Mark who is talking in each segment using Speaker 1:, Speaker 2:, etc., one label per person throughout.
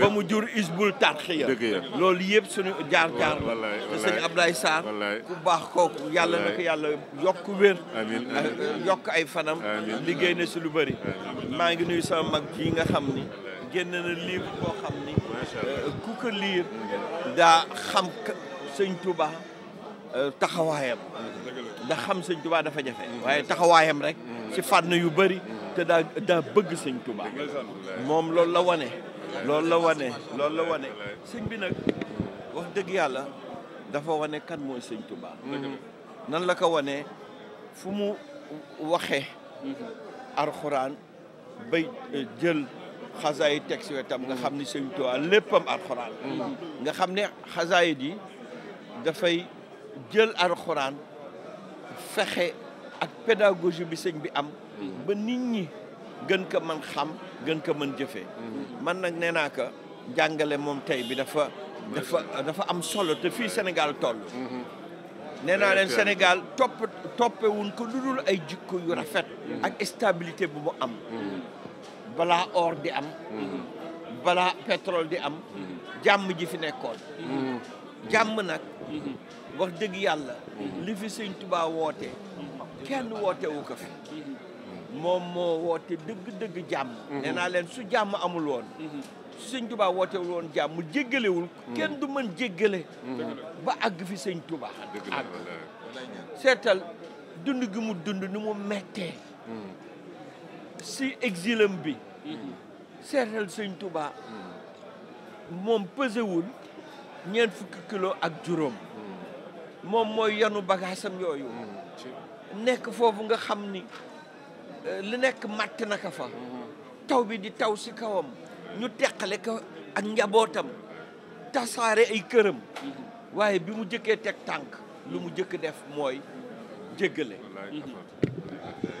Speaker 1: ba mu jur isbul tarxiya loolu yëpp suñu jaar jaar te sëñ Abdoulaye Sarr ku baax kook yàlla na ko yàlla yokk wér eh, eh, yokk ay fanam liggéey na si lu bari maa ngi nuy sama mag ji nga xam ni génn na livre boo xam ni eh, ku ko liir daa xam sëñ Touba taxawaayam ndax xam sëñ Touba dafa jafe mm-hmm. waaye taxawaayam rek ci mm-hmm. fànn yu bari te daa daa bëgg sëñ Touba moom loolu la wane loolu la wane loolu la wane sëñ bi nag wax dëgg yàlla dafa wane kan mooy sëñ Touba nan la ko wane fu mu waxe alxuraan bay eh, jël xasaay teg si wetam nga xam ni sëñ Touba léppam alxuraan nga xam ne xasaay yi dafay jël alxuraan fexe ak pédagogie bi sëñ bi am ba nit ñi gën ko man xam gën ko mën jëfe mm-hmm. man nag nee naa ko jàngale moom tey bi dafa dafa dafa am solo te fii Sénégal toll mm-hmm.
Speaker 2: nee naa leen Sénégal
Speaker 1: topp toppewuñ ko lu dul ay jikko yu rafet mm-hmm. ak stabilité bu mu am balaa or di am balaa pétrole di am jàmm ji fi nekkoon jàmm nag wax dëgg yàlla li fi sëñ Tuubaa woote kenn wootewu ko fi moom moo woote dëgg-dëgg jàmm mhm. nee leen su jàmm amul woon mhm. su sëñ tubaa wootewul woon jàmm jéggalewul mhm. kenn du mën jéggale ba àgg fi sëñ tubaa ak seetal dund gi mu dund ni mu mettee si exilam bi seetal sëñ tubaa moom pesewul ñeent fukki kilo ak juróom moom mooy yanu bagaasam yooyu nekk foofu nga xam ni li nekk màtt naka fa taw bi di taw si kawam ñu teqale ko ak njabootam tasaare ay këram mm-hmm. waaye bi mu jëkkee teg tànk lu mu jëkk def mooy jéggale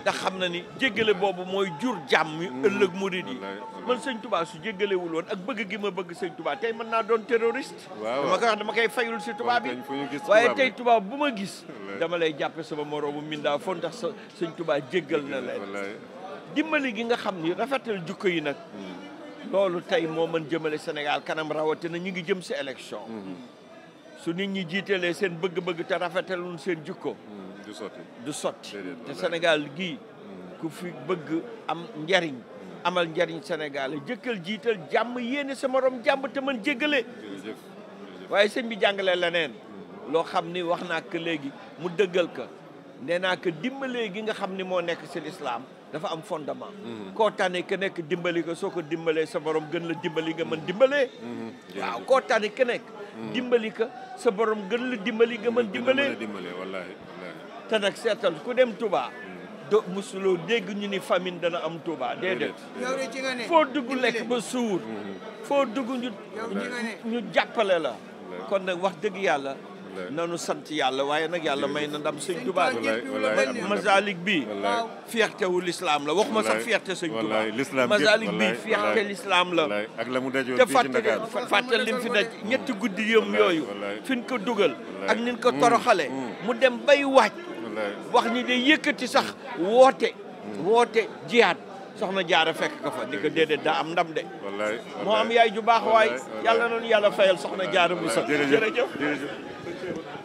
Speaker 1: ndax xam na ni jéggale boobu mooy jur jàmm ëllëg murid yi man sëñ Touba su jéggalewul ak bëgg gi ma bëgg sëñ Touba tey mën naa doon terroriste dama koy wax dama koy fayul si Touba bi waaye tey Touba bu ma gis dama lay jàppe sama moroomu mindaa foo ndax sëñ Touba jéggal na leen dimbali gi nga xam ni rafetal jukko yi nag loolu tey moo mën jëmale Sénégal kanam rawatina ñu ngi jëm si élection mm-hmm. su nit ñi jiitelee seen bëgg-bëgg te rafetalul seen jukko mm-hmm. du sotti du sotti te Sénégal gii mm. ku fi bëgg am njariñ mm. amal njariñ Sénégal jëkkal jiital jàmm yéene sa morom jàmm te man jéggale waaye sëñ bi jàngale leneen mm. loo xam ni wax naa ko léegi mu dëggal ka nee naa ko dimbalee gi nga xam ni moo nekk ci lislaam dafa am fondement koo tànni ke nekk dimbali ko soo ko dimbalee sa borom gën la dimbali nga mën dimbalee waaw koo tànni ke nekk dimbali ko sa borom gën la dimbali nga man dimbalee wallaahi te nag seetal ku dem tubaa do musuloo dégg ñu ni famine dana am Touba déedéet. foo dugg lekk ba suur. Mm-hmm. foo dugg ñu jàppale la. kon nag wax dëgg yàlla. nanu sant yàlla waaye nag yàlla may na ndam sëñ Touba. masalik bi fierté wu l'islam la wax ma sax fierté sëñ Touba masalik bi fierté l'islam la ak la mu dajoo te fàtte fàttal lim fi daj ñetti guddi yëm yooyu fi ko dugal ak ni ñu ko mm. toroxale mm. mu dem bay waaj wax ni day yëkkati sax woote. woote jihaad soxna jaara fekk ka fa ni ko daa am ndam de. wallaay moo am yaay ju baax waay yàlla noonu yàlla fayal soxna jaara bu sax jërëjëf jërëjëf.